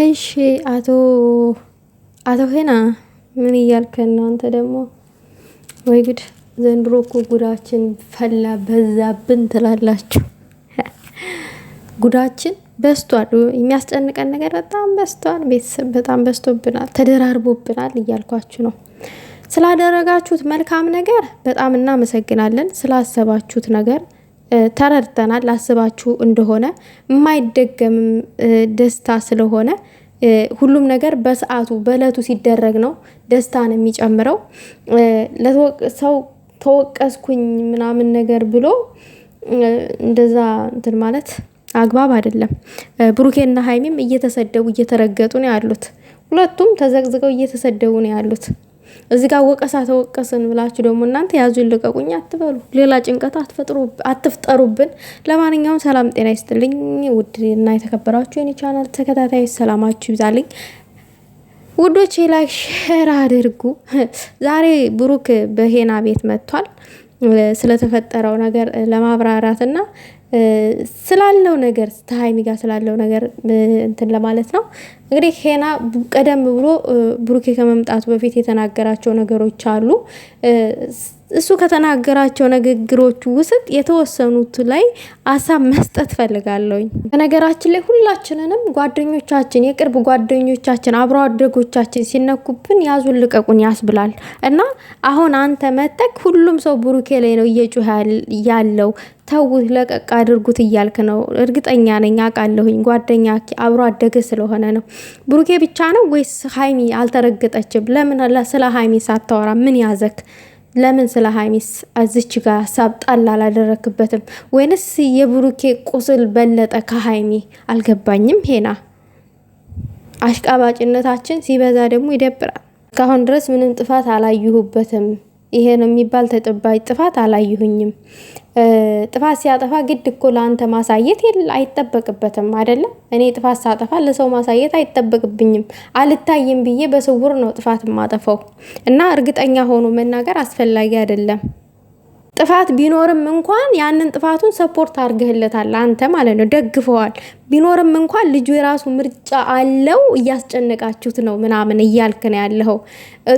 እሺ አቶ አቶ ሄና ምን እያልከን አንተ ደግሞ ወይ ጉድ! ዘንድሮ እኮ ጉዳችን ፈላ በዛብን ትላላችሁ። ጉዳችን በስቷል። የሚያስጨንቀን ነገር በጣም በስቷል። ቤተሰብ በጣም በስቶብናል፣ ተደራርቦብናል እያልኳችሁ ነው። ስላደረጋችሁት መልካም ነገር በጣም እናመሰግናለን። ስላሰባችሁት ነገር ተረድተናል። አስባችሁ እንደሆነ የማይደገምም ደስታ ስለሆነ ሁሉም ነገር በሰዓቱ በእለቱ ሲደረግ ነው ደስታን የሚጨምረው። ሰው ተወቀስኩኝ ምናምን ነገር ብሎ እንደዛ እንትን ማለት አግባብ አይደለም። ብሩኬና ሀይሚም እየተሰደቡ እየተረገጡ ነው ያሉት። ሁለቱም ተዘግዝገው እየተሰደቡ ነው ያሉት። እዚ ጋር ወቀሳ ተወቀስን ብላችሁ ደግሞ እናንተ ያዙን ልቀቁኝ አትበሉ። ሌላ ጭንቀት አትፍጠሩብን። ለማንኛውም ሰላም ጤና ይስጥልኝ ውድ እና የተከበራችሁ የኔ ቻናል ተከታታይ ሰላማችሁ ይብዛልኝ። ውዶቼ ላይ ሼር አድርጉ። ዛሬ ብሩክ በሄና ቤት መጥቷል። ስለተፈጠረው ነገር ለማብራራት እና ስላለው ነገር ተሀይሚ ጋር ስላለው ነገር እንትን ለማለት ነው። እንግዲህ ሄና ቀደም ብሎ ብሩኬ ከመምጣቱ በፊት የተናገራቸው ነገሮች አሉ። እሱ ከተናገራቸው ንግግሮች ውስጥ የተወሰኑት ላይ አሳብ መስጠት ፈልጋለሁኝ። በነገራችን ላይ ሁላችንንም ጓደኞቻችን፣ የቅርብ ጓደኞቻችን፣ አብሮ አደጎቻችን ሲነኩብን ያዙን ልቀቁን ያስብላል እና አሁን አንተ መጠቅ ሁሉም ሰው ብሩኬ ላይ ነው እየጮኸ ያለው ተውት፣ ለቀቅ አድርጉት እያልክ ነው። እርግጠኛ ነኝ አውቃለሁኝ፣ ጓደኛ አብሮ አደገ ስለሆነ ነው። ብሩኬ ብቻ ነው ወይስ ሀይሚ አልተረገጠችም? ለምን ስለ ሀይሚ ሳታወራ ምን ያዘክ? ለምን ስለ ሀይሚስ እዚች ጋር ሀሳብ ጣል አላደረክበትም? ወይንስ የብሩኬ ቁስል በለጠ ከሀይሚ? አልገባኝም ሄና። አሽቃባጭነታችን ሲበዛ ደግሞ ይደብራል። እስካሁን ድረስ ምንም ጥፋት አላየሁበትም። ይሄ ነው የሚባል ተጨባጭ ጥፋት አላየሁኝም። ጥፋት ሲያጠፋ ግድ እኮ ለአንተ ማሳየት አይጠበቅበትም አይደለም። እኔ ጥፋት ሳጠፋ ለሰው ማሳየት አይጠበቅብኝም። አልታይም ብዬ በስውር ነው ጥፋት የማጠፋው እና እርግጠኛ ሆኖ መናገር አስፈላጊ አይደለም። ጥፋት ቢኖርም እንኳን ያንን ጥፋቱን ሰፖርት አድርገህለታል፣ አንተ ማለት ነው ደግፈዋል። ቢኖርም እንኳን ልጁ የራሱ ምርጫ አለው፣ እያስጨነቃችሁት ነው ምናምን እያልክ ነው ያለኸው።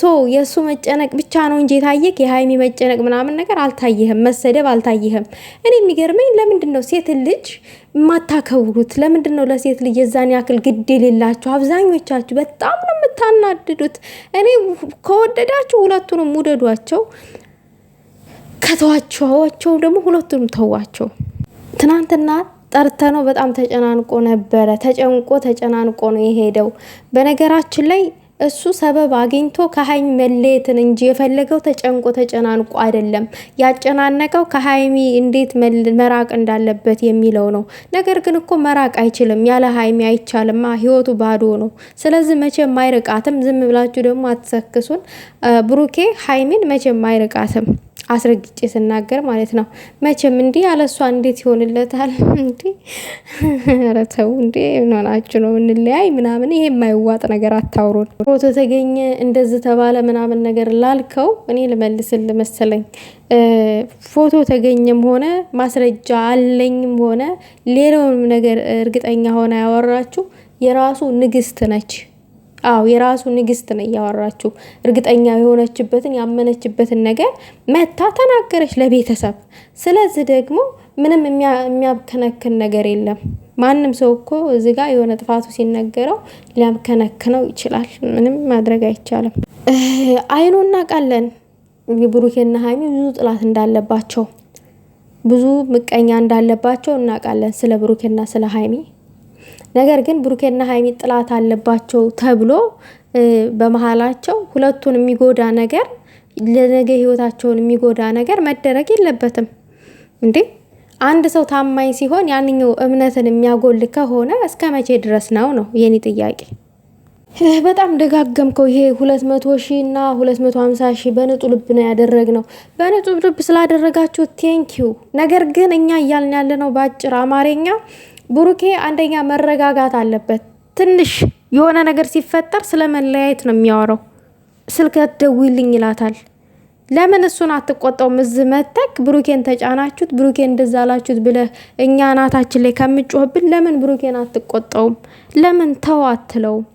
ሶ የእሱ መጨነቅ ብቻ ነው እንጂ የታየክ የሀይሚ መጨነቅ ምናምን ነገር አልታየህም፣ መሰደብ አልታየህም። እኔ የሚገርመኝ ለምንድን ነው ሴት ልጅ የማታከብሩት? ለምንድን ነው ለሴት ልጅ የዛን ያክል ግድ የሌላችሁ? አብዛኞቻችሁ በጣም ነው የምታናድዱት። እኔ ከወደዳችሁ ሁለቱንም ውደዷቸው። ከተዋቸዋቸው ደግሞ ሁለቱንም ተዋቸው። ትናንትና ጠርተ ነው በጣም ተጨናንቆ ነበረ። ተጨንቆ ተጨናንቆ ነው የሄደው። በነገራችን ላይ እሱ ሰበብ አግኝቶ ከሀይሚ መለየትን እንጂ የፈለገው ተጨንቆ ተጨናንቆ አይደለም። ያጨናነቀው ከሀይሚ እንዴት መራቅ እንዳለበት የሚለው ነው። ነገር ግን እኮ መራቅ አይችልም፣ ያለ ሀይሚ አይቻልማ፣ ህይወቱ ባዶ ነው። ስለዚህ መቼም አይርቃትም። ዝም ብላችሁ ደግሞ አትሰክሱን። ብሩኬ ሀይሚን መቼም አይርቃትም። አስረግጬ ስናገር ማለት ነው። መቼም እንዲህ አለሷ እንዴት ይሆንለታል? እንዲህ ረተው እንዴ ሆናችሁ ነው እንለያይ ምናምን፣ ይሄ የማይዋጥ ነገር አታውሩን። ፎቶ ተገኘ እንደዚህ ተባለ ምናምን ነገር ላልከው እኔ ልመልስል መሰለኝ ፎቶ ተገኘም ሆነ ማስረጃ አለኝም ሆነ ሌላውንም ነገር እርግጠኛ ሆነ ያወራችሁ የራሱ ንግስት ነች። አዎ የራሱ ንግስት ነው እያወራችሁ። እርግጠኛ የሆነችበትን ያመነችበትን ነገር መታ ተናገረች ለቤተሰብ። ስለዚህ ደግሞ ምንም የሚያከነክን ነገር የለም። ማንም ሰው እኮ እዚ ጋር የሆነ ጥፋቱ ሲነገረው ሊያከነክነው ይችላል። ምንም ማድረግ አይቻልም። አይኑ እናውቃለን ብሩኬና ሀይሚ ብዙ ጥላት እንዳለባቸው ብዙ ምቀኛ እንዳለባቸው እናውቃለን። ስለ ብሩኬና ስለ ሀይሚ ነገር ግን ብሩኬና ሀይሚ ጥላት አለባቸው ተብሎ በመሀላቸው ሁለቱን የሚጎዳ ነገር ለነገ ህይወታቸውን የሚጎዳ ነገር መደረግ የለበትም እንዴ። አንድ ሰው ታማኝ ሲሆን ያንኛው እምነትን የሚያጎል ከሆነ እስከ መቼ ድረስ ነው ነው የኔ ጥያቄ። በጣም ደጋገምከው። ይሄ ሁለት መቶ ሺህ እና ሁለት መቶ ሀምሳ በንጡ ልብ ነው ያደረግነው። በንጡ ልብ ስላደረጋችሁ ቴንኪዩ። ነገር ግን እኛ እያልን ያለነው በአጭር አማርኛ ብሩኬ አንደኛ መረጋጋት አለበት። ትንሽ የሆነ ነገር ሲፈጠር ስለ መለያየት ነው የሚያወራው። ስልክ ደውይልኝ ይላታል። ለምን እሱን አትቆጣውም? እዝ መተክ ብሩኬን ተጫናችሁት፣ ብሩኬን እንደዛ አላችሁት ብለህ እኛ እናታችን ላይ ከምጮህብን ለምን ብሩኬን አትቆጣውም? ለምን ተው አትለውም?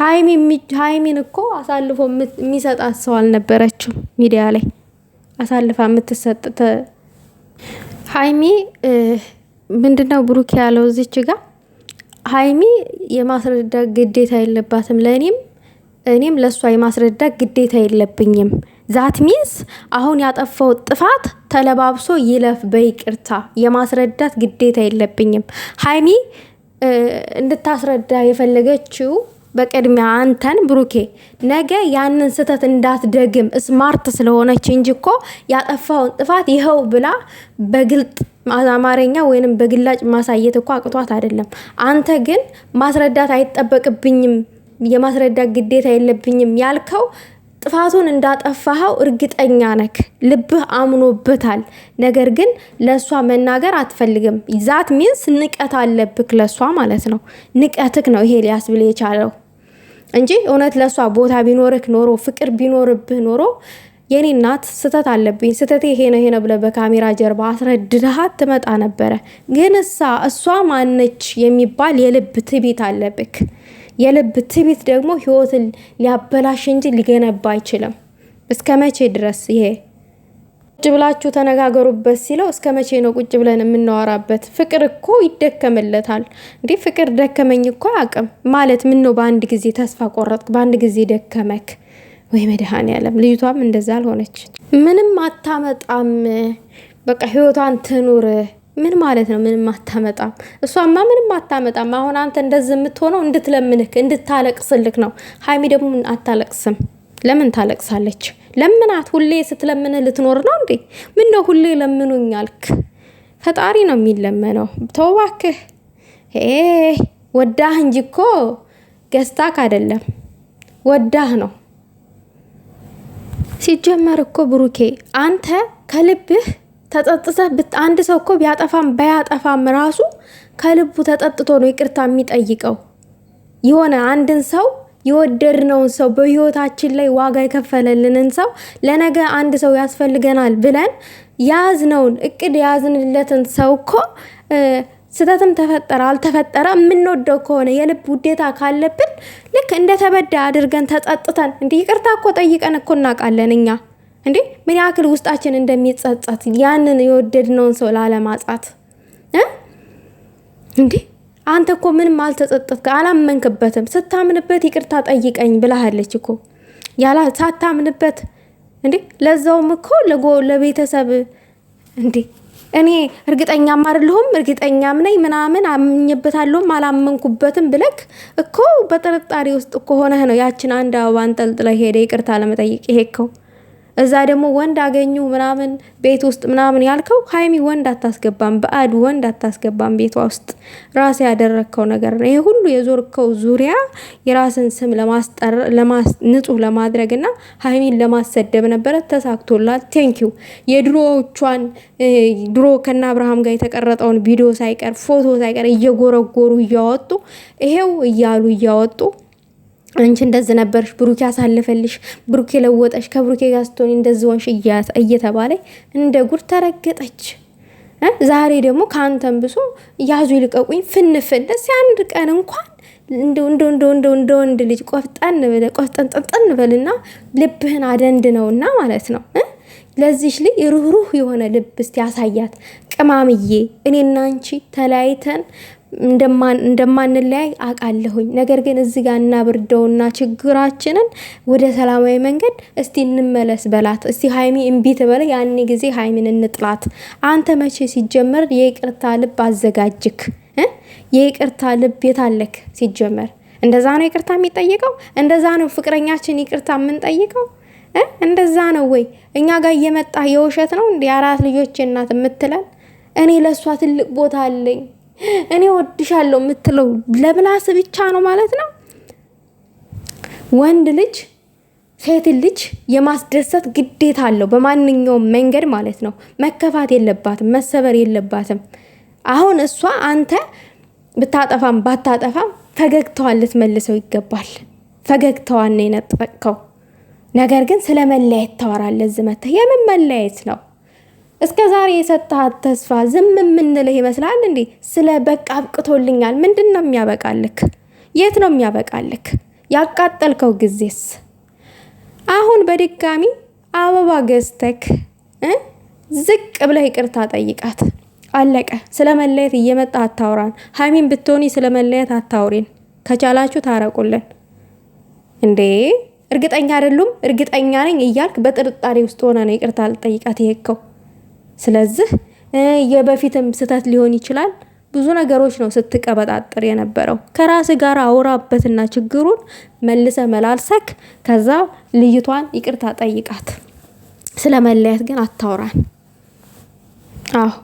ሀይሚን እኮ አሳልፎ የሚሰጣት ሰው አልነበረችም። ሚዲያ ላይ አሳልፋ የምትሰጥ ሀይሚ ምንድነው ብሩክ ያለው እዚች ጋር ሀይሚ የማስረዳት ግዴታ የለባትም ለእኔም እኔም ለእሷ የማስረዳት ግዴታ የለብኝም። ዛት ሚንስ አሁን ያጠፋው ጥፋት ተለባብሶ ይለፍ በይቅርታ የማስረዳት ግዴታ የለብኝም። ሀይሚ እንድታስረዳ የፈለገችው በቅድሚያ አንተን ብሩኬ ነገ ያንን ስህተት እንዳትደግም ስማርት ስለሆነች እንጂ እኮ ያጠፋውን ጥፋት ይኸው ብላ በግልጥ አማርኛ ወይንም በግላጭ ማሳየት እኮ አቅቷት አይደለም። አንተ ግን ማስረዳት አይጠበቅብኝም የማስረዳት ግዴታ የለብኝም ያልከው ጥፋቱን እንዳጠፋኸው እርግጠኛ ነክ፣ ልብህ አምኖበታል። ነገር ግን ለእሷ መናገር አትፈልግም። ዛት ሚንስ ንቀት አለብክ ለእሷ ማለት ነው። ንቀትክ ነው ይሄ ሊያስብል የቻለው። እንጂ እውነት ለእሷ ቦታ ቢኖርህ ኖሮ ፍቅር ቢኖርብህ ኖሮ የኔ እናት ስህተት አለብኝ ስህተቴ ሄነ ሄነ ብለህ በካሜራ ጀርባ አስረድሃት ትመጣ ነበረ። ግን እሳ እሷ ማነች የሚባል የልብ ትቢት አለብክ። የልብ ትቢት ደግሞ ህይወትን ሊያበላሽ እንጂ ሊገነባ አይችልም። እስከ መቼ ድረስ ይሄ ቁጭ ብላችሁ ተነጋገሩበት ሲለው እስከ መቼ ነው ቁጭ ብለን የምናወራበት? ፍቅር እኮ ይደከምለታል እንዴ! ፍቅር ደከመኝ እኮ አቅም ማለት ምን ነው? በአንድ ጊዜ ተስፋ ቆረጥክ፣ በአንድ ጊዜ ደከመክ ወይ መድኃኔዓለም። ልጅቷም እንደዛ አልሆነች። ምንም አታመጣም፣ በቃ ህይወቷን ትኑር። ምን ማለት ነው? ምንም አታመጣም። እሷማ ምንም አታመጣም። አሁን አንተ እንደዚህ የምትሆነው እንድትለምንክ እንድታለቅስልክ ነው። ሀይሚ ደግሞ አታለቅስም። ለምን ታለቅሳለች? ለምናት። ሁሌ ስትለምን ልትኖር ነው እንዴ? ምን ነው ሁሌ ለምኑኝ አልክ? ፈጣሪ ነው የሚለመነው። ተውባክህ ወዳህ እንጂ እኮ ገዝታክ አይደለም፣ ወዳህ ነው ሲጀመር እኮ ብሩኬ አንተ ከልብህ ተጸጽተህ አንድ ሰው እኮ ቢያጠፋም ባያጠፋም ራሱ ከልቡ ተጠጥቶ ነው ይቅርታ የሚጠይቀው የሆነ አንድን ሰው የወደድነውን ሰው በህይወታችን ላይ ዋጋ የከፈለልንን ሰው ለነገ አንድ ሰው ያስፈልገናል ብለን ያዝነውን እቅድ ያዝንለትን ሰው እኮ ስህተትም ተፈጠረ አልተፈጠረ የምንወደው ከሆነ የልብ ውዴታ ካለብን ልክ እንደ ተበዳ አድርገን ተጸጥተን እንዲህ ይቅርታ እኮ ጠይቀን እኮ እናውቃለን እኛ እንዴ ምን ያክል ውስጣችን እንደሚጸጸት ያንን የወደድነውን ሰው ላለማጻት እንዴ አንተ እኮ ምንም አልተጸጸትክ፣ አላመንክበትም። ስታምንበት ይቅርታ ጠይቀኝ ብላሃለች እኮ ያላ ሳታምንበት እንዴ ለዛውም እኮ ለጎ ለቤተሰብ እንዴ እኔ እርግጠኛም አይደለሁም እርግጠኛም ነኝ ምናምን አምኝበታለሁም አላመንኩበትም ብለክ እኮ በጥርጣሬ ውስጥ እኮ ሆነህ ነው ያችን አንድ አበባ አንጠልጥለህ ሄደ ይቅርታ ለመጠየቅ ይሄከው እዛ ደግሞ ወንድ አገኙ ምናምን ቤት ውስጥ ምናምን ያልከው ሀይሚ ወንድ አታስገባም፣ በአድ ወንድ አታስገባም ቤቷ ውስጥ ራስ ያደረግከው ነገር ነው። ይሄ ሁሉ የዞርከው ዙሪያ የራስን ስም ንጹህ ለማድረግ እና ሀይሚን ለማሰደብ ነበረ። ተሳክቶላት ቴንኪው። የድሮዎቿን ድሮ ከና አብርሃም ጋር የተቀረጠውን ቪዲዮ ሳይቀር ፎቶ ሳይቀር እየጎረጎሩ እያወጡ ይሄው እያሉ እያወጡ አንቺ እንደዚህ ነበርሽ፣ ብሩኬ አሳልፈልሽ፣ ብሩኬ ለወጠሽ፣ ከብሩኬ ጋር ስትሆን እንደዚህ ሆንሽ እየተባለ እንደ ጉድ ተረገጠች። ዛሬ ደግሞ ከአንተም ብሶ ያዙ ይልቀቁኝ ፍንፍን ደስ አንድ ቀን እንኳን እንደ ወንድ ልጅ ቆፍጠን በለ ጠንጠን በልና ልብህን አደንድ ነውና ማለት ነው። ለዚሽ ልጅ ሩህሩህ የሆነ ልብ እስቲ ያሳያት። ቅማምዬ እኔና አንቺ ተለያይተን እንደማንለያይ አውቃለሁኝ። ነገር ግን እዚህ ጋር እናብርደውና ችግራችንን ወደ ሰላማዊ መንገድ እስቲ እንመለስ በላት። እስቲ ሀይሚ እምቢ ትበለ፣ ያኔ ጊዜ ሀይሚን እንጥላት። አንተ መቼ ሲጀመር የይቅርታ ልብ አዘጋጅክ? የይቅርታ ልብ የታለክ? ሲጀመር እንደዛ ነው ይቅርታ የሚጠይቀው? እንደዛ ነው ፍቅረኛችን ይቅርታ የምንጠይቀው? እንደዛ ነው ወይ? እኛ ጋር እየመጣ የውሸት ነው እንዲ አራት ልጆች እናት የምትለን እኔ ለእሷ ትልቅ ቦታ አለኝ እኔ ወድሻለሁ የምትለው ለብላስ ብቻ ነው ማለት ነው። ወንድ ልጅ ሴት ልጅ የማስደሰት ግዴታ አለው በማንኛውም መንገድ ማለት ነው። መከፋት የለባትም፣ መሰበር የለባትም። አሁን እሷ አንተ ብታጠፋም ባታጠፋም ፈገግታዋን ልትመልሰው ይገባል። ፈገግታዋን ነው የነጠቅከው። ነገር ግን ስለ መለያየት ታወራለህ። የምን መለያየት ነው? እስከ ዛሬ የሰጣት ተስፋ ዝም የምንልህ ይመስላል እንዴ? ስለ በቃ አብቅቶልኛል። ምንድን ነው የሚያበቃልክ? የት ነው የሚያበቃልክ? ያቃጠልከው ጊዜስ? አሁን በድጋሚ አበባ ገዝተክ ዝቅ ብለህ ይቅርታ ጠይቃት። አለቀ። ስለ መለየት እየመጣ አታውራን። ሀሚን ብትሆኒ ስለ መለየት አታውሪን። ከቻላችሁ ታረቁልን እንዴ። እርግጠኛ አይደሉም እርግጠኛ ነኝ እያልክ በጥርጣሬ ውስጥ ሆነ ነው ይቅርታ ልጠይቃት ይሄከው ስለዚህ የበፊትም ስህተት ሊሆን ይችላል። ብዙ ነገሮች ነው ስትቀበጣጥር የነበረው። ከራስ ጋር አውራበትና ችግሩን መልሰ መላልሰክ ከዛ ልይቷን ይቅርታ ጠይቃት። ስለ መለያየት ግን አታውራን። አዎ